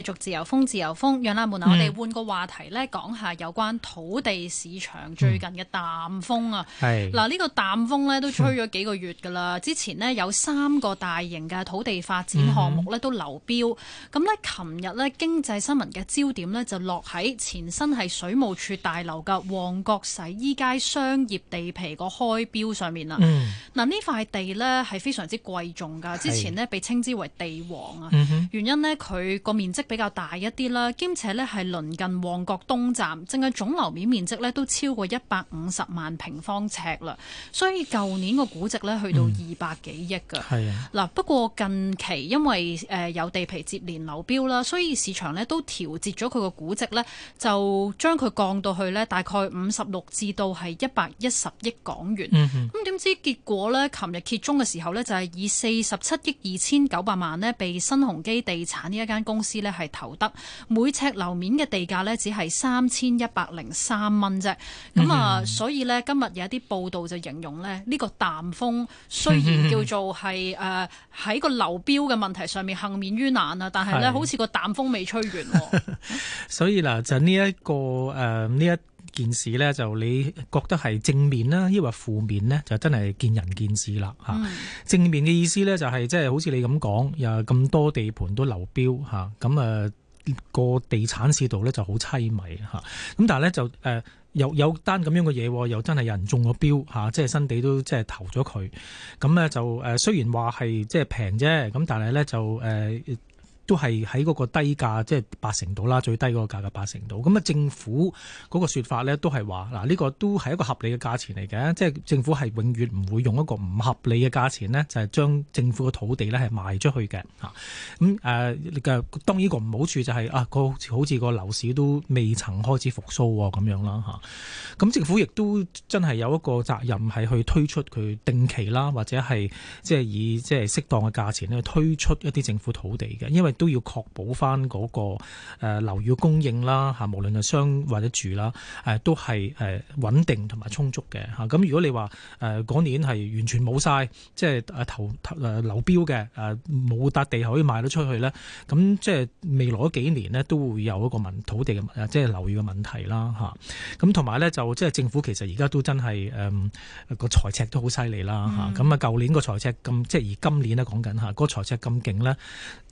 繼續自由風，自由風，楊立滿我哋換個話題呢講、嗯、下有關土地市場最近嘅淡風啊。嗱、嗯、呢、呢個淡風呢都吹咗幾個月㗎啦、嗯。之前呢，有三個大型嘅土地發展項目呢、嗯、都流標。咁呢，琴日呢經濟新聞嘅焦點呢就落喺前身係水務處大樓嘅旺角洗衣街商業地皮個開標上面啦。嗱，呢塊地呢係非常之貴重㗎，之前呢，被稱之為地王啊、嗯。原因呢，佢個面積，比較大一啲啦，兼且咧係鄰近旺角東站，淨係總樓面面積咧都超過一百五十萬平方尺啦。所以舊年個估值咧去到二百幾億㗎。係、嗯、啊。嗱，不過近期因為誒有地皮接連流標啦，所以市場咧都調節咗佢個估值咧，就將佢降到去咧大概五十六至到係一百一十億港元。咁、嗯、點知結果咧？琴日揭盅嘅時候咧，就係以四十七億二千九百萬呢，被新鴻基地產呢一間公司咧，係投得每尺樓面嘅地價呢，只係三千一百零三蚊啫。咁啊，所以呢，今日有一啲報道就形容咧，呢、呢個淡風雖然叫做係誒喺個樓標嘅問題上面幸免於難啊，但係呢，是好似個淡風未吹完。哦。 所以嗱，就呢、這、一個誒呢、呃、一。件事呢，就你覺得係正面啦，抑或負面呢？就真係見仁見智啦嚇。正面嘅意思呢、就係，就係即係好似你咁講，又咁多地盤都流標嚇，咁啊個地產市道呢就好悽迷嚇。咁但係呢，就誒有有單咁樣嘅嘢，又真係有人中咗標嚇，即係新地都即係投咗佢，咁呢，就誒雖然話係即係平啫，咁但係呢，就誒。都係喺嗰個低價，即係八成度啦，最低嗰個價格八成度。咁啊，政府嗰個說法咧，都係話嗱，呢個都係一個合理嘅價錢嚟嘅，即係政府係永遠唔會用一個唔合理嘅價錢呢，就係將政府嘅土地呢係賣出去嘅吓。咁誒當然個唔好處就係啊，好似個樓市都未曾開始復甦喎。咁樣啦，咁政府亦都真係有一個責任係去推出佢定期啦，或者係即係以即係適當嘅價錢呢推出一啲政府土地嘅，因為都要確保翻嗰個誒樓宇供應啦，嚇無論係商或者住啦，誒都係誒穩定同埋充足嘅嚇。咁如果你話誒嗰年係完全冇晒，即係誒投誒流標嘅誒冇笪地可以賣得出去咧，咁即係未來嗰幾年咧都會有一個問土地嘅誒，即係樓宇嘅問題啦嚇。咁同埋咧就即係、就是、政府其實而家都真係誒、嗯個財赤都好犀利啦嚇。咁啊，舊年、個財赤咁，即係而今年咧講緊嚇個財赤咁勁咧。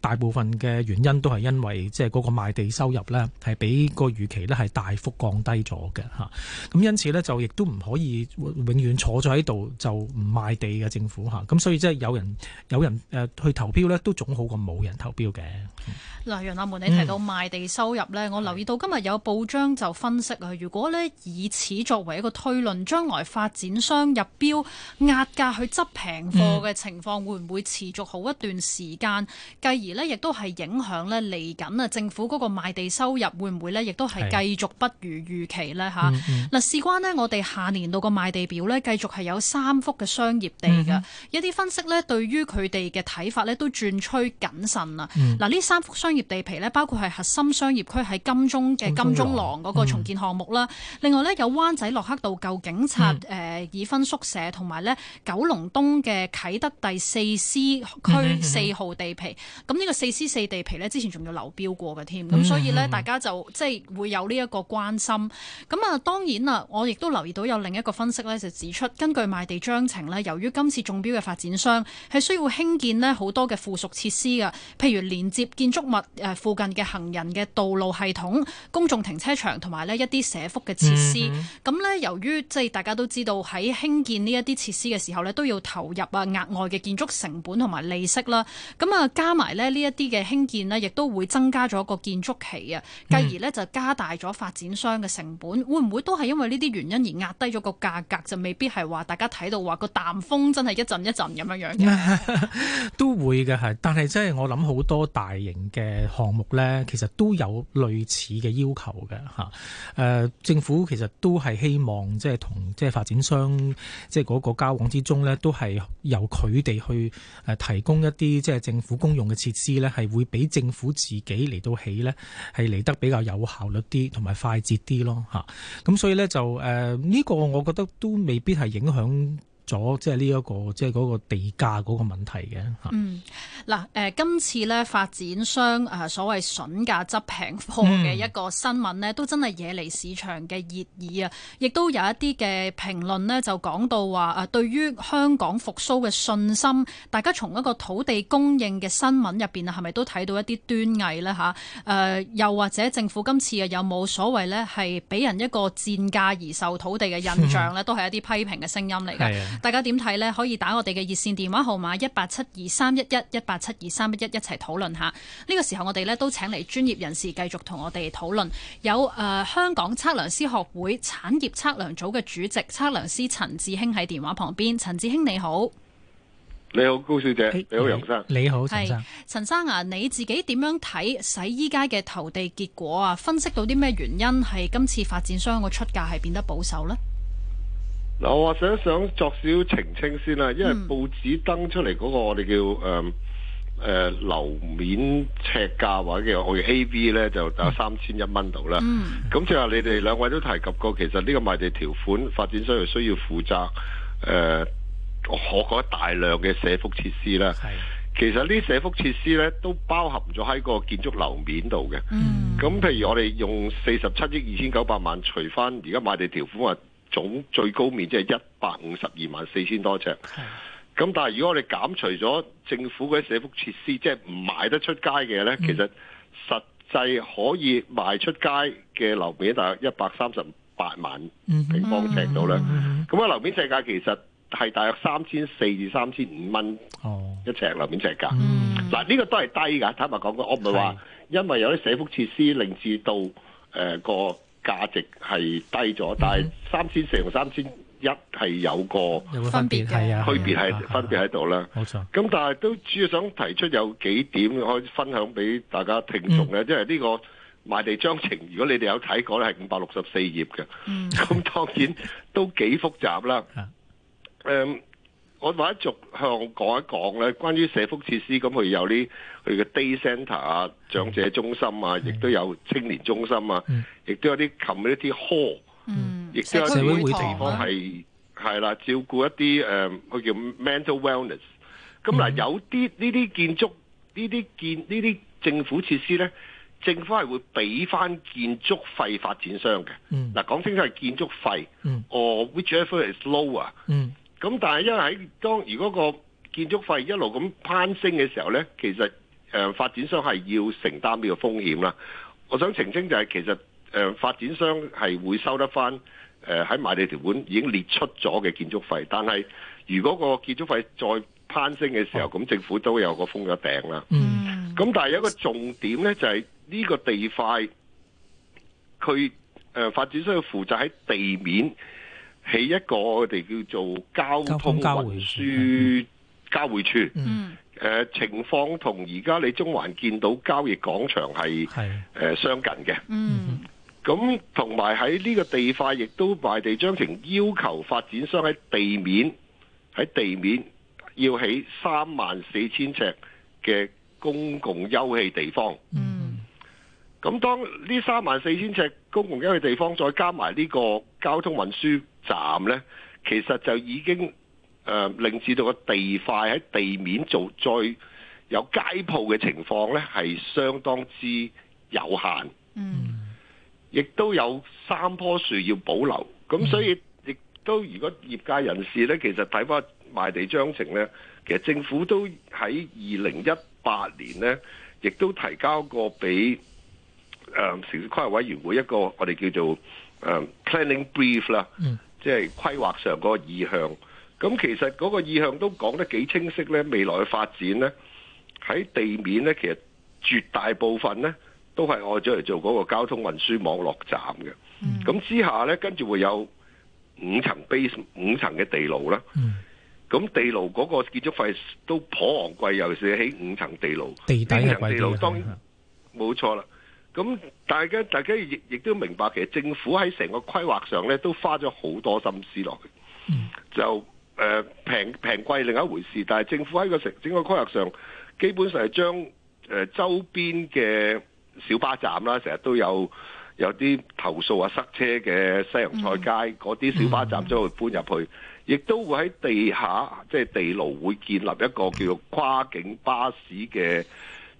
大部分嘅原因都係因為即係嗰個賣地收入咧，係俾個預期咧係大幅降低咗嘅吓。咁因此咧就亦都唔可以永遠坐咗喺度就唔賣地嘅政府吓，咁所以即係有人有人誒去投標咧，都總好過冇人投標嘅、嗯。嗱，楊阿梅你提到賣地收入咧，嗯、我留意到今日有報章就分析佢，如果咧以此作為一個推論，將來發展商入標壓價去執平貨嘅情況、嗯、會唔會持續好一段時間繼。而呢亦都係影響呢嚟緊啊，政府嗰個賣地收入會唔會呢？亦都係繼續不如預期呢。嚇、嗯、嗱、嗯啊，事關呢，我哋下年度個賣地表呢，繼續係有三幅嘅商業地嘅。一、嗯、啲分析呢，對於佢哋嘅睇法呢，都轉趨謹慎、嗯、啊，嗱，呢三幅商業地皮呢，包括係核心商業區喺金鐘嘅金鐘廊嗰個重建項目啦、嗯嗯。另外呢，有灣仔洛克道舊警察誒已、嗯呃、分宿舍，同埋呢九龍東嘅啟德第四 C 區四號地皮咁。嗯嗯嗯嗯呢、這個四 C 四地皮咧，之前仲要流標過嘅添，咁、嗯、所以咧，大家就即係、就是、會有呢一個關心。咁啊，當然啦，我亦都留意到有另一個分析咧，就指出根據賣地章程咧，由於今次中標嘅發展商係需要興建咧好多嘅附屬設施嘅，譬如連接建築物誒附近嘅行人嘅道路系統、公眾停車場同埋咧一啲社福嘅設施。咁、嗯、咧，由於即係大家都知道喺興建呢一啲設施嘅時候咧，都要投入啊額外嘅建築成本同埋利息啦。咁啊，加埋咧。呢一啲嘅興建呢亦都會增加咗個建築期啊，繼而呢就加大咗發展商嘅成本。嗯、會唔會都係因為呢啲原因而壓低咗個價格？就未必係話大家睇到話個淡風真係一陣一陣咁樣樣嘅， 都會嘅係。但係即係我諗好多大型嘅項目咧，其實都有類似嘅要求嘅吓。誒、呃，政府其實都係希望即係同即係發展商即係嗰個交往之中咧，都係由佢哋去誒提供一啲即係政府公用嘅設。知呢係會俾政府自己嚟到起呢係嚟得比較有效率啲，同埋快捷啲咯，咁、啊、所以呢，就、呃、呢、呢個，我覺得都未必係影響。咗即係呢一個即係嗰個地價嗰個問題嘅嚇。嗯，嗱誒今次呢發展商所謂筍價執平貨嘅一個新聞呢、嗯、都真係惹嚟市場嘅熱議啊！亦都有一啲嘅評論呢就講到話對於香港復甦嘅信心，大家從一個土地供應嘅新聞入面啊，係咪都睇到一啲端倪咧？嚇誒，又或者政府今次啊，有冇所謂呢係俾人一個賤價而受土地嘅印象呢、嗯、都係一啲批評嘅聲音嚟嘅。大家點睇呢？可以打我哋嘅熱線電話號碼一八七二三一一一八七二三一一一齊討論下。呢、呢個時候我哋咧都請嚟專業人士繼續同我哋討論。有誒、呃、香港測量師學會產業測量組嘅主席測量師陳致馨喺電話旁邊。陳致馨你好，你好高小姐，你好楊生，你好陳、呃、生。陳生啊，你自己點樣睇洗衣街嘅投地結果啊？分析到啲咩原因係今次發展商個出價係變得保守呢？嗱，我或者想作少澄清先啦，因為報紙登出嚟嗰個我哋叫誒誒、嗯呃、樓面尺價或者叫我哋 A B 咧，就有三千一蚊度啦。咁即係話你哋兩位都提及過，其實呢個賣地條款發展商係需要負責誒、學、呃、過大量嘅社福設施啦。係其實呢社福設施咧，都包含咗喺個建築樓面度嘅。咁、嗯、譬如，我哋用四十七億二千九百萬除翻而家賣地條款啊。總最高面積係一百五十二萬四千多尺。咁但係如果我哋減除咗政府嘅社福設施，即係唔賣得出街嘅呢，其實實際可以賣出街嘅樓面大約一百三十八萬平方尺到啦。咁啊樓面尺價其實係大約三千四至三千五蚊一尺樓面尺價。嗱呢個都係低㗎，坦白講嘅，我唔係話因為有啲社福設施令，令至到誒個。價值係低咗，但係三千四同三千一係有個分別，係啊，區別係分別喺度啦。冇錯。咁但係都主要想提出有幾點可以分享俾大家聽眾嘅，即係呢個賣地章程。如果你哋有睇過咧，係五百六十四頁嘅。嗯。咁當然都幾複雜啦。誒。我或一逐向我講一講咧，關於社福設施，咁佢有啲佢嘅 day centre 啊，長者中心啊，亦、嗯、都有青年中心、嗯也 hall，嗯、也會會啊，亦都有啲 community hall，亦都有啲地方係係啦，照顧一啲誒，佢、um，叫 mental wellness。咁嗱、嗯，有啲呢啲建築，呢啲建呢啲政府設施咧，政府係會俾翻建築費發展商嘅。嗱、嗯，講清楚係建築費。嗯。whichever is lower。嗯。咁但係因為喺當如果個建築費一路咁攀升嘅時候咧，其實誒、呃、發展商係要承擔呢個風險啦。我想澄清就係、是、其實誒、呃、發展商係會收得翻誒喺賣地條款已經列出咗嘅建築費，但係如果個建築費再攀升嘅時候，咁、嗯、政府都有個封咗頂啦。嗯。咁但係有一個重點咧，就係、是、呢個地塊，佢誒、呃、發展商要負責喺地面。起一個我哋叫做交通運輸交匯處，誒、嗯嗯呃、情況同而家你中環見到交易廣場係誒、呃、相近嘅。咁同埋喺呢個地塊，亦都賣地章程要求發展商喺地面喺地面要起三萬四千尺嘅公共休憩地方。咁、嗯、當呢三萬四千尺公共休息地方再加埋呢個交通運輸。站咧，其實就已經誒、呃、令至到個地塊喺地面做再有街鋪嘅情況咧，係相當之有限。嗯，亦都有三棵樹要保留。咁所以亦、mm. 都如果業界人士咧，其實睇返賣地章程咧，其實政府都喺二零一八年咧，亦都提交過俾誒、呃、城市規劃委員會一個我哋叫做誒、呃、planning brief 啦。嗯、mm.。即係規劃上嗰個意向，咁其實嗰個意向都講得幾清晰咧。未來嘅發展咧，喺地面咧，其實絕大部分咧都係用咗嚟做嗰個交通運輸網絡站嘅。咁、嗯、之下咧，跟住會有五層 base 五層嘅地牢啦。咁、嗯、地牢嗰個建築費都頗昂貴，尤其是起五層地牢。地底嘅地牢當然冇、嗯、錯啦。咁大家大家亦亦都明白，其實政府喺成個規劃上呢，都花咗好多心思落去。就誒，平平貴另一回事，但係政府喺個成整個規劃上，基本上係將誒、呃、周邊嘅小巴站啦，成日都有有啲投訴啊塞車嘅西洋菜街嗰啲、嗯、小巴站將佢搬入去，亦、嗯嗯、都會喺地下即係、就是、地牢會建立一個叫做跨境巴士嘅。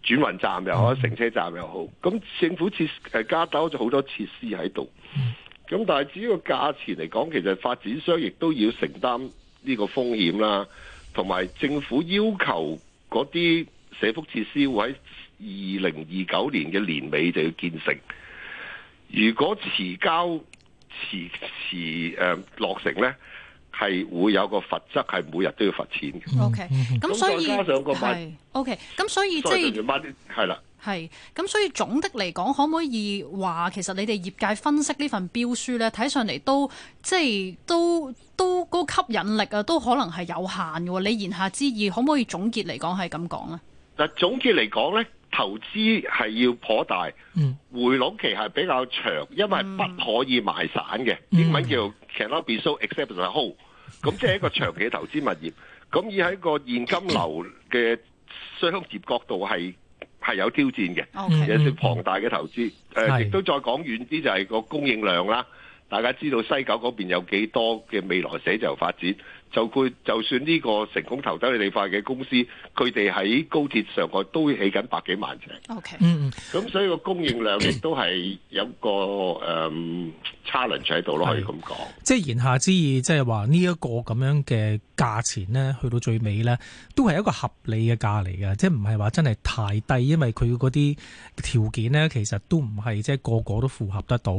轉運站又好，乘車站又好，咁政府設誒加多咗好多設施喺度。咁但係，至於個價錢嚟講，其實發展商亦都要承擔呢個風險啦。同埋政府要求嗰啲社福設施會喺二零二九年嘅年尾就要建成。如果遲交遲遲誒落成呢？係會有個罰則，係每日都要罰錢嘅。OK，咁所以係。OK，咁所以即係。再係啦。係，咁所以總的嚟講，可唔可以話其實你哋業界分析呢份標書咧，睇上嚟都即係都都高、嗰個、吸引力啊，都可能係有限嘅。你言下之意可唔可以總結嚟講係咁講啊？嗱，總結嚟講咧，投資係要頗大，嗯、回籠期係比較長，因為不可以賣散嘅、嗯。英文叫做 cannot be sold except in whole 咁即係一個長期嘅投資物業，咁而喺個現金流嘅商業角度係係有挑戰嘅，okay. 有啲龐大嘅投資。亦、呃、都再講遠啲就係個供應量啦。大家知道西九嗰邊有幾多嘅未來寫就發展。就佢就算呢個成功投走你哋塊嘅公司，佢哋喺高鐵上蓋都起緊百幾萬尺。O K. 嗯，咁所以個供應量亦都係有個誒差輪轉喺度咯，可以咁講。即係言下之意，即係話呢一個咁樣嘅價錢咧，去到最尾咧，都係一個合理嘅價嚟嘅，即係唔係話真係太低，因為佢嗰啲條件咧，其實都唔係即係個個都符合得到。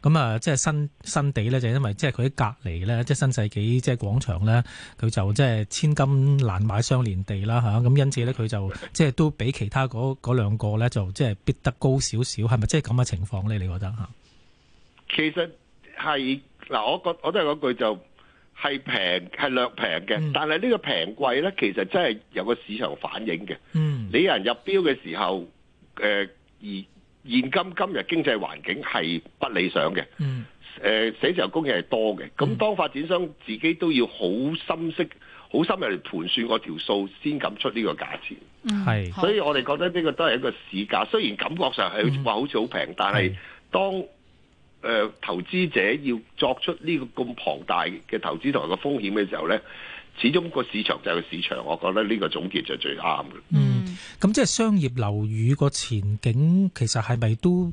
咁啊，即係新新地咧，就因為即係佢喺隔離咧，即係新世紀即係廣場咧。佢就即係千金難買相連地啦吓，咁因此咧，佢就即係都比其他嗰嗰兩個咧，就即係逼得高少少，係咪即係咁嘅情況咧？你覺得吓？其實係嗱，我覺得我真係嗰句就係、是、平，係略平嘅，嗯、但係呢個平貴咧，其實真係有個市場反應嘅。嗯，你有人入標嘅時候，誒、呃，而現今今日經濟環境係不理想嘅。嗯。誒、呃、寫字樓供應係多嘅，咁當發展商自己都要好深色、好、嗯、深入嚟盤算嗰條數，先敢出呢個價錢。係、嗯，所以我哋覺得呢個都係一個市價。雖然感覺上係話好似好平，但係當、呃、投資者要作出呢個咁龐大嘅投資同埋個風險嘅時候呢，始終個市場就係個市場。我覺得呢個總結就係最啱嘅。嗯，咁即係商業樓宇個前景，其實係咪都？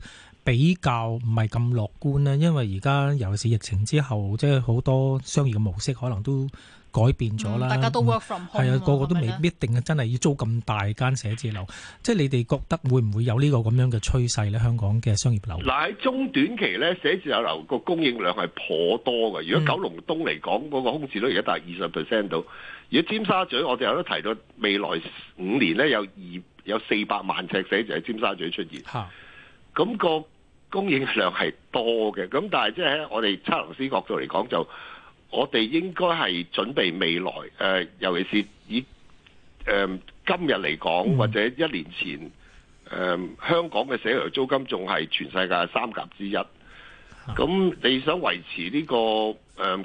比較唔係咁樂觀啦，因為而家尤其是疫情之後，即係好多商業嘅模式可能都改變咗啦、嗯。大家都 work from home 係啊、嗯，個個都未係咪必定真係要租咁大間寫字樓。即係你哋覺得會唔會有呢個咁樣嘅趨勢呢？香港嘅商業樓嗱，喺中短期呢，寫字樓樓個供應量係頗多嘅。如果九龍東嚟講，嗰、嗯嗰個空置率而家大二十 percent 度。如果尖沙咀，我哋有得提到未來五年呢，有二有四百萬尺寫字喺尖沙咀出現。咁、那個。供應量係多嘅，咁但係即係我哋測量師角度嚟講，就我哋應該係準備未來。誒，尤其是以誒今日嚟講，或者一年前，誒香港嘅寫樓租金仲係全世界三甲之一。咁你想維持呢個誒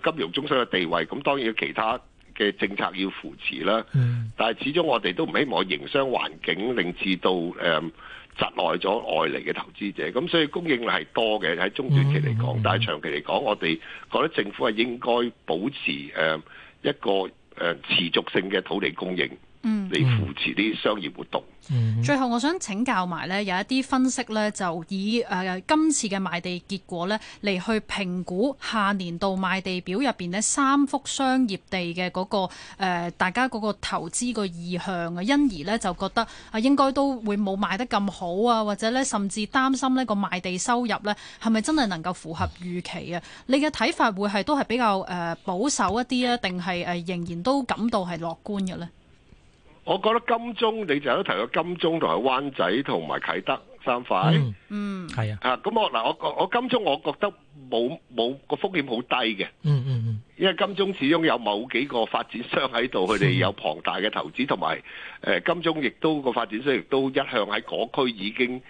金融中心嘅地位，咁當然其他嘅政策要扶持啦。但係始終我哋都唔希望營商環境令至到誒。窒礙咗外嚟嘅投資者，咁所以供應量係多嘅，喺中短期嚟講，但係長期嚟講，我哋覺得政府係應該保持誒、呃、一個誒、呃、持續性嘅土地供應。嗯，你扶持啲商業活動，嗯嗯嗯。嗯，最後我想請教埋咧，有一啲分析咧，就以誒、呃、今次嘅賣地結果咧嚟去評估下年度賣地表入邊呢三幅商業地嘅嗰、那個、呃、大家嗰個投資個意向啊，因而咧就覺得啊，應該都會冇賣得咁好啊，或者咧甚至擔心呢個賣地收入咧係咪真係能夠符合預期啊？你嘅睇法會係都係比較誒、呃、保守一啲啊，定係誒仍然都感到係樂觀嘅咧？我覺得金鐘你就一提到金鐘同埋灣仔同埋啟德三塊，嗯，係、嗯、啊，啊咁我嗱我我金鐘我覺得冇冇個風險好低嘅，嗯嗯嗯，因為金鐘始終有某幾個發展商喺度，佢哋有龐大嘅投資，同埋、呃、金鐘亦都、嗰個發展商亦都一向喺嗰區已經。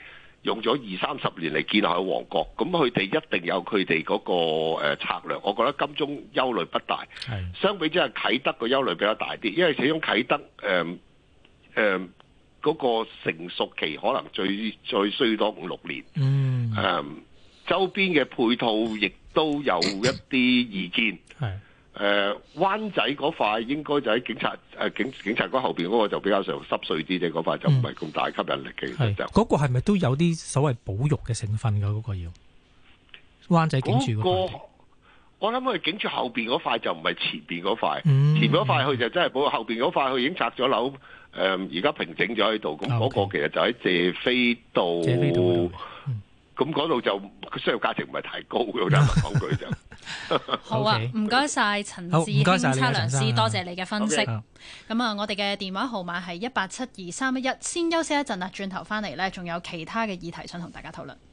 用咗二三十年嚟建立喺王國，咁佢哋一定有佢哋嗰個誒策略。我覺得金鐘憂慮不大，係相比之下啟德個憂慮比較大啲，因為始終啟德誒誒嗰個成熟期可能最最衰多五六年，誒、嗯嗯、周邊嘅配套亦都有一啲意見係。誒、呃，灣仔嗰塊應該就喺警察誒、呃、警警察局後邊嗰個就比較上濕碎啲啫，嗰塊就唔係咁大吸引力嘅。就、嗯、嗰、那個係咪都有啲所謂保育嘅成分噶？嗰、那個要灣仔警署的、那個，我諗佢警署後邊嗰塊就唔係前邊嗰塊，前邊嗰塊佢就真係保，後邊嗰塊佢已經拆咗樓。誒、呃，而家平整咗喺度，咁嗰個其實就喺謝斐道，咁嗰度就佢需要價值唔係太高嘅。講句就。 好啊，唔該晒陳致馨測量師，多謝你嘅分析。咁啊，我哋嘅電話號碼係一八七二三一一。先休息一陣啊。轉頭返嚟呢，仲有其他嘅議題想同大家討論。